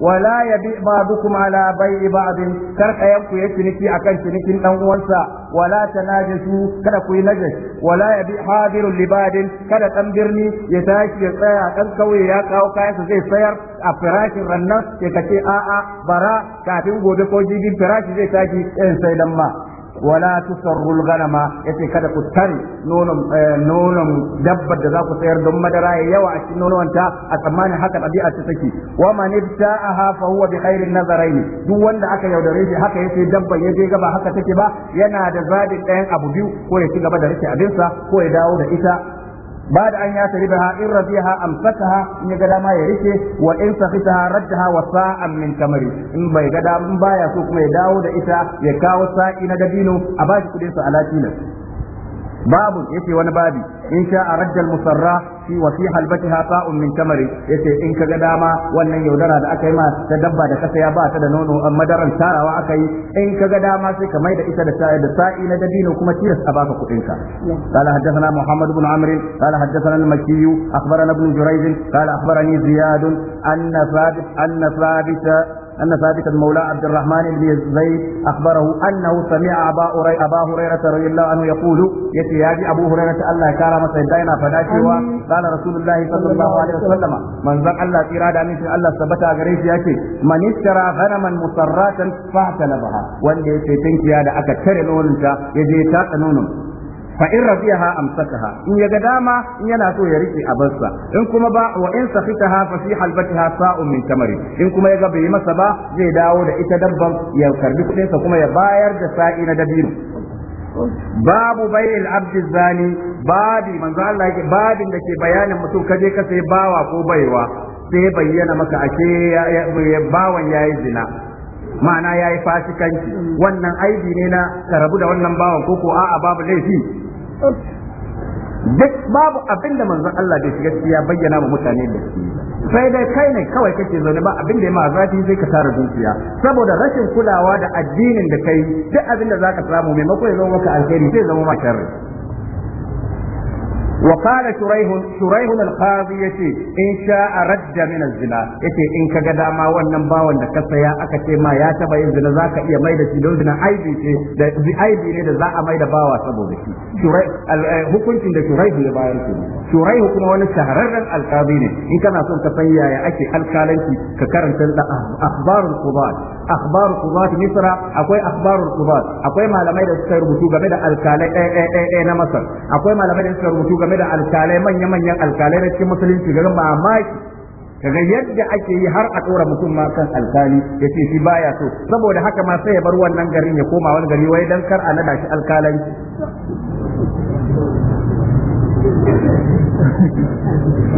wala yabi ba'dukum ala bai'i ba'din kar kayan ku yi ciniki akan cinikin ɗan uwansa wala tanajasu kada ku yi najas wala ya yabi hadirul libadin kada ɗan birni ya tashi ya tsaya ɗan kauye ya kawo kayansa zai sayar a firashin rannan ya kace a'a bara kafin gobe ko jibin firashi zai tashi in sai dan ma wala tusarrul ya ce kada ku tare nonon eh, dabba da za ku sayar don madara ya yawa a cikin nononta a tsammanin haka ɗabi'a ta take wa man ibta'aha fa huwa bi khairin nazarain duk wanda aka yaudare shi haka ya dabba ya je ga ba haka take ba yana da zabi ɗayan abu biyu ko ya ci gaba da rike abinsa ko ya dawo da ita بعد أن يتربها إن رضيها أمسكها إن ما يريكي وإن سخطها ردها وساعة من كمري إن باي قدام باي سوق ما يداو دا يكاو يكاو ساعي ندبينو أباش كدين سألاتينا باب يتي وانا إن شاء رج المسرح fi wa fi halbatiha sa'un min tamari yace in kaga dama wannan yaudara da aka yi ma ta dabba da kasa ya ba ta da nono madaran tarawa aka yi in kaga dama sai ka mai da ita da sa'i da sa'i na dabino kuma tilas a baka kudin ka قال حدثنا محمد بن عمرو قال حدثنا المكي اخبرنا ابن جريج قال اخبرني زياد ان ثابت ان ثابت أن ثابت مولى عبد الرحمن بن زيد أخبره أنه سمع أبا أبا هريرة رضي الله عنه يقول يتي يا أبو هريرة الله كرم سيدنا فداكي قال رسول الله صلى الله عليه وسلم من ذا الله إرادة من الله ثبت غريش يتي من اشترى غنما مسرات فاحتلبها وان يتي تنكي هذا أكا تري نونك يجي تاق نونم fa in rafiha amsakaha in yaga dama in yana so ya rike abarsa in kuma ba wa in safitaha fa fi halbatiha sa'un min tamari in kuma yaga bai masa ba zai dawo da ita dabban ya karbi kudin sa kuma ya bayar da sa'i na dabino babu bai'il abdi zani babi manzo Allah yake babin da ke bayanin mutum kaje ka sai bawa ko baiwa sai bayyana maka ashe bawan yayi zina ma'ana yayi fasikanci wannan aibi ne na rabu da wannan bawan ko ko a'a babu laifi duk babu abin da manzon Allah da shiga ya bayyana ma mutane da shi sai dai kai ne kawai kake zaune ba abin da ya ma zafi zai ka tara zuciya saboda rashin kulawa da addinin da kai duk abin da zaka samu maimako ya zama maka alheri zai zama maka sharri وقال شريح شريح القاضي يتي إن شاء رد من الزنا يتي إن كغدا ما wannan bawan da ka saya aka ce ma ya taba yin zina zaka iya maida shi don zina aibi ce da aibi ne da za a maida bawa saboda shi hukuncin da shurai ya bayar shi shurai kuma wani shahararren alqazi ne in kana son ka san yaya ake alkalanci ka karanta da akhbarul qudat akhbarul qudat misra akwai akhbarul qudat akwai malamai da suka rubutu game da alkalai na masar akwai malamai da suka rubutu game game da alkalai manya-manyan alkalai na cikin musulunci ga mamaki kaga yadda ake yi har a tsora mutum ma kan alkali ya ce shi baya so saboda haka ma sai ya bar wannan garin ya koma wani gari wai dan kar a nada shi alkalai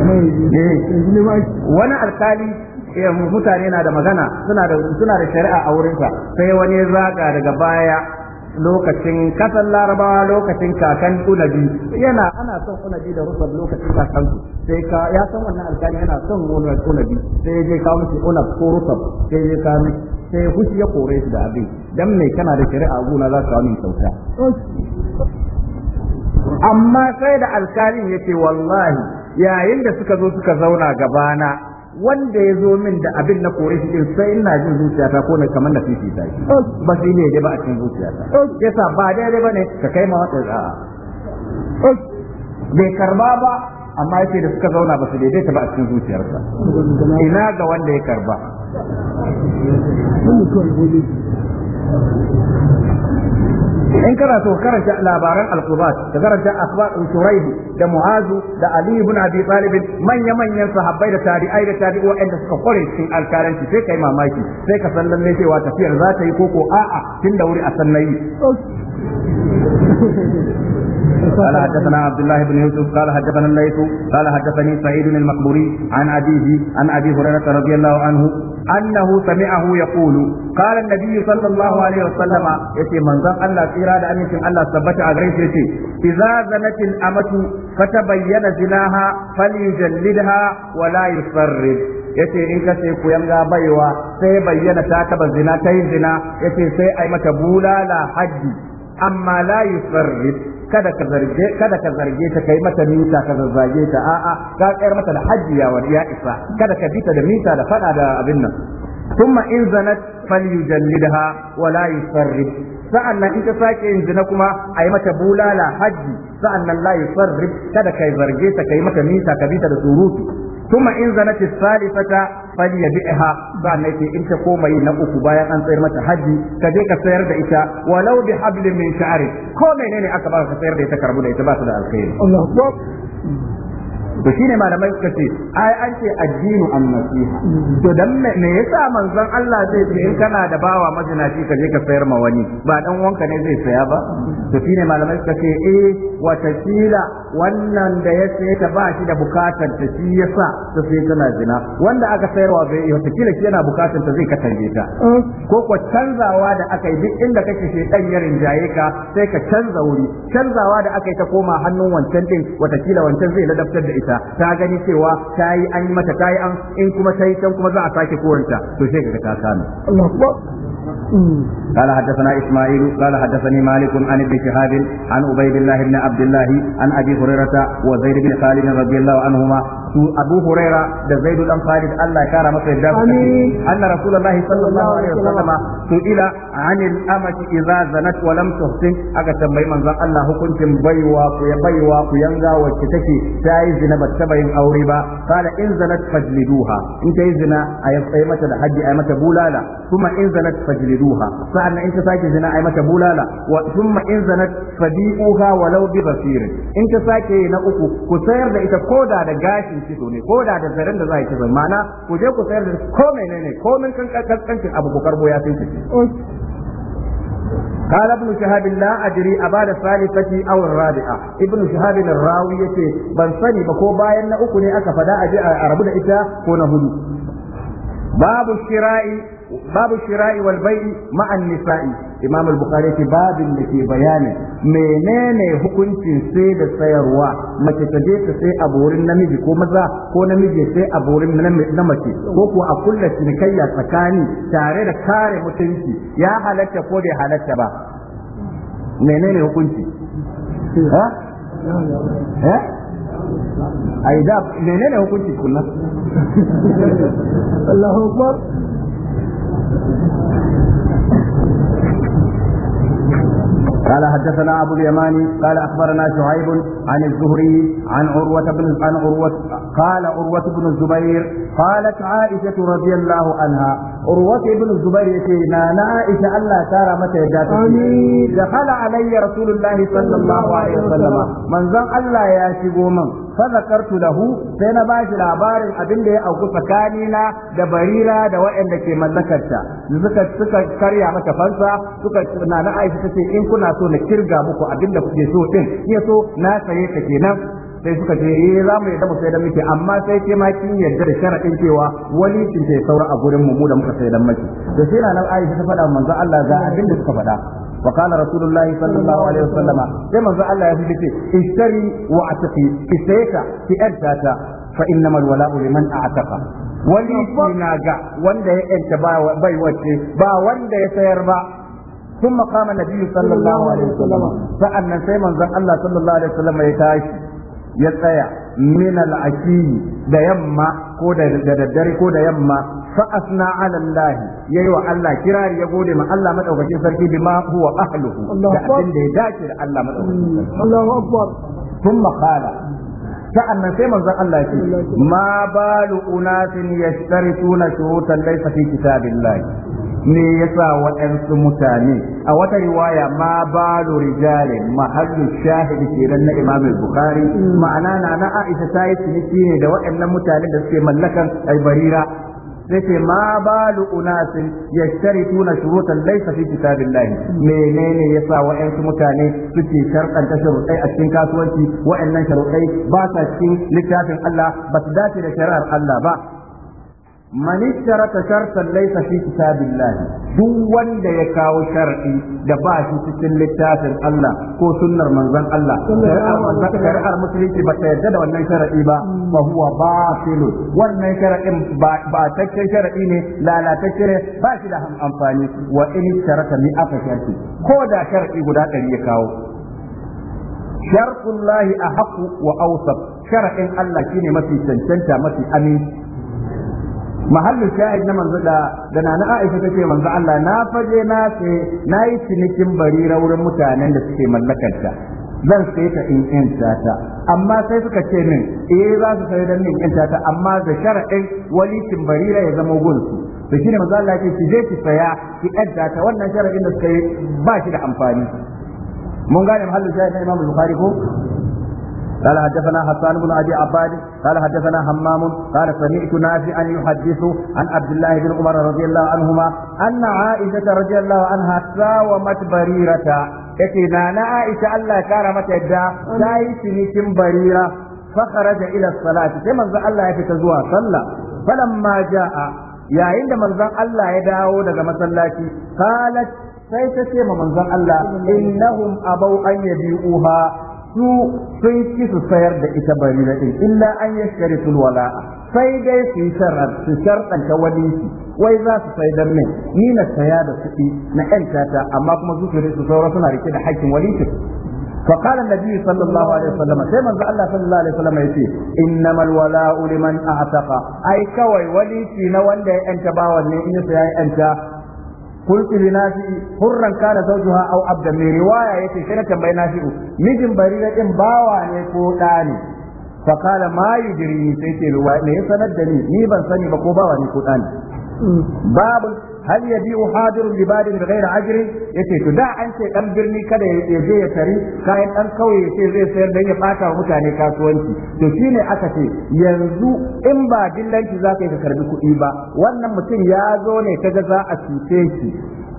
wani alkali eh, mutane na da magana suna da shari'a a wurinsa sai wani zaga daga baya lokacin kasan larabawa lokacin kakan unabi yana ana son unabi da rufar lokacin kakan sai ka ya san wannan alƙali yana son wannan unabi sai ya je kawo miki kunab ko rufar sai ya kawo sai hushi ya kore su da abin dan mai kana da shari'a guna za ka min kyauta amma sai da alƙalin yace wallahi yayin da suka zo suka zauna gabana wanda ya zo min da abin na kore shi din sai ina jin zuciyata ko na kamar na ta shi oh. ba shi ne ba a cikin zuciyata oh. yasa ba daidai ba ne ka kai ma wata a oh. bai karba ba amma yake da suka zauna ba su daidai ta ba a cikin zuciyarsa ina ga wanda ya karba in kana so karanta labaran al da karanta akhbar shuraih da Muhazu da ali ibn abi talib manya manyan sahabbai da tabi'ai da tabi'u wanda suka kware cikin alkaranci sai kai mamaki sai ka san lalle cewa tafiyar za ta yi koko a'a tun da wuri a sannayi قال حدثنا عبد الله بن يوسف قال حدثنا الليث قال حدثني سعيد المقبوري عن أبيه عن أبي هريرة رضي الله عنه أنه سمعه يقول قال النبي صلى الله عليه وسلم يتي من ذا الله في راد أن يتم الله ثبت أغريس يتي إذا زنت الأمة فتبين زناها فليجلدها ولا يفرد yace in ka ce ku yanga baiwa sai bayyana ta taba zina ta yi zina yace sai ai mata bulala haddi amma la yusarrif kada ka zarge kada ka zarge ta kai mata mita ka zazzage ta a'a ka tsayar mata da ya wa ya isa kada ka bita da mita da fada da abin nan ثم إن زنت فليجلدها ولا يصرف sa'an nan in ta sake yin zina kuma a yi mata bulala hajji sa'an nan la yusarrif kada kai zarge ta kai mata mita ka bita da surutu kuma in zana zanat salisata falyabiha sannan ce in ta koma na uku bayan an tsayar mata haji ka je ka sayar da ita walau bi hablin min sha'ri ko menene aka ba ka sayar da ita karbu da ita ba su da alkhairi to shine malamai suka ce ai an ce addinu an nasiha to dan me yasa manzon Allah zai ce in kana da bawa mazinaci ka je ka sayar ma wani ba dan wanka ne zai saya ba to shine malamai suka ce eh wa kila wannan da ya saye ta ba shi da bukatar ta shi yasa ta sai tana zina wanda aka sayarwa bai yi, kila shi yana bukatar ta zai ka canje ta ko ko canzawa da aka yi duk inda kake shi dan ya ka sai ka canza wuri canzawa da aka yi ta koma hannun wancan din wa kila wancan zai ladabtar da ita ta ta gani cewa ta yi an yi mata ta yi an in kuma ta yi can kuma za a sake kowanta to sai kaga ta kame hmm. قال حدثنا اسماعيل قال حدثني مالك عن ابن شهاب عن عبيد الله بن عبد الله عن ابي هريره وزيد بن خالد رضي الله عنهما da Zaid dan Khalid Allah kara masa yadda su ila anil amati idza zanat wa lam aka tambayi manzon Allah hukuncin baiwa ku wacce take tayi zina bata yin aure ba qala in zanat fajliduha in ta yi zina a yi mata da a yi mata bulala kuma in zanat fajliduha sa'an in ta sake zina a yi mata bulala wa thumma in zanat fadi'uha walau bi basirin in ta sake na uku ku sayar da ita koda da gashin kido ne koda da zaren da za ki zama mana ku je ku sayar da ko menene ko min kan abu ku karbo ya sai ki قال ابن شهاب لا ادري أبعد الثالثه او الرابعه ابن شهاب الراوي يتي بن سني بكو باين نا اوكو ني أكني أكفدا أجي أربنا إتا كون هدو باب الشراء babu shira'i wal bai'i ma'an nisa'i imam al-bukhari ke babin da ke bayani menene hukuncin sai da sayarwa mace ta je ta sai a borin namiji ko maza ko namiji sai a borin na mace ko kuwa a kulla cinikayya tsakani tare da kare mutunci ya halatta ko bai halatta ba menene hukunci ha ha ai da menene hukunci kullum Allahu akbar قال حدثنا أبو اليماني قال أخبرنا شعيب عن الزهري عن عروة بن عن عروة قال عروة بن الزبير قالت عائشة رضي الله عنها عروة بن الزبير نانا عائشه ألا ترى متى جاءت دخل علي رسول الله صلى الله عليه وسلم من ذا ألا يا شيغو fa zakartu lahu sai na bashi labarin abin da ya auku tsakanina da barira da waɗanda ke mallakarta suka suka karya mata fansa suka na na aisha tace in kuna so na kirga muku abin da kuke so din ya so na saye ta kenan sai suka ce eh za mu yadda mu sai da muke amma sai ke ma kin yarda da sharadin cewa wani cin sai saura a gurin mu mu da muka sai da miki da sai na na Aisha ta faɗa manzo Allah ga abin da suka faɗa وقال رسول الله صلى الله عليه وسلم كما زعل الله يفتي اشتري واعتقي اشتريك في أنتاتا فإنما الولاء لمن أعتق ولي ناجع وانده انت باي وجه با وانده يسير با ثم قام النبي صلى الله عليه وسلم فأنا سيما زن الله صلى الله عليه وسلم يتاشي يتسيع min al-ashi da yamma ko da daddare ko da yamma فأثنى على الله يو الله كرار يقول ما الله مدعوك سركي بما هو أهله لأبن داكر الله مدعوك الله أكبر ثم قال sa'an sai manzon Allah ce ma suna unatin yashtarituna shurutan laysa fi kitabillahi Ne ya sa waɗansu mutane a wata riwaya ma da rijali Mahallin shahidi kenan na Imam Bukhari ma'ana na na Aisha ta yi ciniki ne da waɗannan mutane da suke mallakan albarira sai ma da unasin tuna shurutan laysa fi kitabillah menene sa waɗansu mutane suke sharɗanta sharuɗai a cikin kasuwanci waɗannan sharuɗai ba sa cikin littafin Allah ba su dace da shari'ar Allah ba man ishtara shartan laysa fi kitabillah duk wanda ya kawo shar'i da ba shi cikin littafin Allah ko sunnar manzon Allah shari'ar musulunci ba ta yarda da wannan shar'i ba fa huwa batil wannan shar'in ba takken shar'i ne lalatacce ne ba shi da amfani wa in sharata mi aka sharti ko da shar'i guda ɗari ya kawo sharqullahi haku wa awsab shara'in Allah shine mafi cancanta mafi aminci mahallin shahid na manzo da da nana Aisha ta manzo Allah na faje na ce na yi cinikin barira wurin mutanen da suke mallakarta zan sai ta in in ta amma sai suka ce min eh za su sai dan in in ta amma da shar'in walikin barira ya zama gunsu to shine manzo Allah yake ki je ki saya ki adda ta wannan shar'in da suka yi ba shi da amfani mun gane mahallin shahid na Imam Bukhari ko قال حدثنا حسان بن ابي عباد قال حدثنا همام قال سمعت نافعا يحدث عن عبد الله بن عمر رضي الله عنهما ان عائشه رضي الله عنها ساومت بريره yake na na Aisha Allah ya kara mata yadda ta yi cinikin barira fakharaja ila salati sai manzo Allah ya fita zuwa sallah falamma jaa yayin da manzon Allah ya dawo daga masallaci qalat sai ta ce ma manzon Allah innahum abau an uha. su sun ki su sayar da ita barira din illa an yashkari tul wala'a sai dai su yi sharar su sharɗanta wani wai za su sai ne ni na saya da kuɗi na ƴan tata amma kuma zuciyar su saura suna rike da hakkin walikin فقال النبي صلى الله عليه وسلم كما قال الله صلى الله عليه وسلم يتي انما الولاء لمن اعتق اي كوي ولي في نوان ده انت باوان ne in sai ai kulti li nafi'i hurran kana zawjuha aw abda ruwa ya yace sai na tambaye nafi'u mijin barira din bawa ne ko ɗani, ne fa kala ma yujri sai ce ruwa ne sanar da ni ni ban sani ba ko bawa ne ko da babu hal yabi'u hadirun da badin ghairi ajrin yace to da an ce dan birni kada ya je ya tari kayan dan kauye yace zai sayar da ya ɓata wa mutane kasuwanci to shine aka ce yanzu in ba dillanci zaka yi ka karbi kuɗi ba wannan mutum ya zo ne kaga za a cuce shi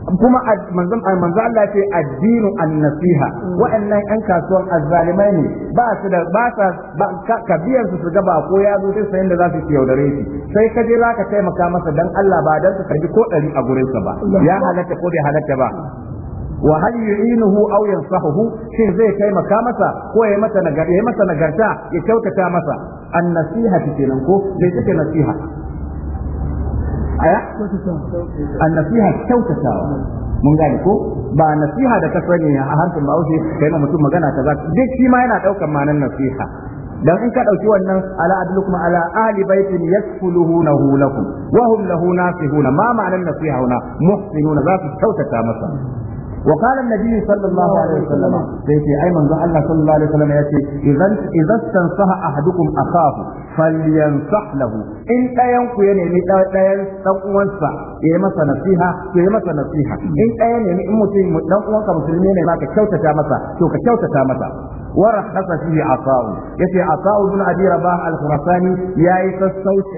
kuma manzon manzo Allah ce addinu an-nasiha wa'annan yan kasuwan azzalimai ne ba su da ba sa kabiyar su ga ba ko ya zo sai sayan da za su yaudare shi sai ka je zaka taimaka masa dan Allah ba dan su karbi ko dari a gurin sa ba ya halatta ko bai halatta ba wa hal yu'inuhu aw yansahuhu shin zai taimaka masa ko ya masa nagarta ya kyautata masa an-nasiha kenan ko zai take nasiha aya an-nasiha kyautatawa mun gane ko ba nasiha da ka sani a harshen Bahaushe kai ma mutum magana ta kaza duk shi ma yana ɗaukan ma'anar nasiha dan in ka dauki wannan ala adlukum ala ahli baitin nahu lakum wa hum lahu nasihuna ma ma'anar nasiha huna muhsinuna za su kyautata masa وقال النبي صلى الله عليه وسلم سيتي أي من الله صلى الله عليه وسلم يأتي إذا إذا استنصح أحدكم أخاه فلينصح له إن أينك ينمي أين تقوانسا يمسى نصيحة يمسى نصيحة إن أين ينمي أمتين نقوانك مسلمين ما كشوتة تامسا شو كشوتة تامسا ورخص فيه عطاء يتي عطاء بن أبي رباح الخرساني يا يتستوشي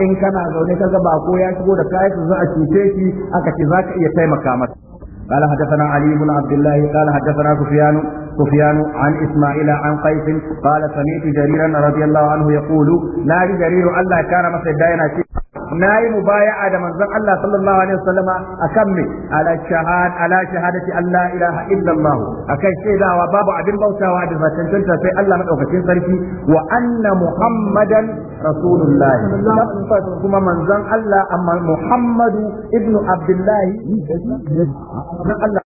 إن كان زوني كذا باقو يا شبو دكاية زعشي تيكي أكتزاك يتيمك مكامتك قال حدثنا علي بن عبد الله قال حدثنا سفيان سفيان عن اسماعيل عن قيس قال سمعت جريرا رضي الله عنه يقول لا جرير الله كان مسجدين nayi mubaya'a da manzon Allah sallallahu alaihi wasallam akan me ala shahad ala shahadati Allah ilaha illallah akan shaidawa babu abin bautawa da zatantanta sai Allah madaukakin sarki wa anna muhammadan rasulullah kuma manzon Allah amma muhammadu ibnu abdullahi Allah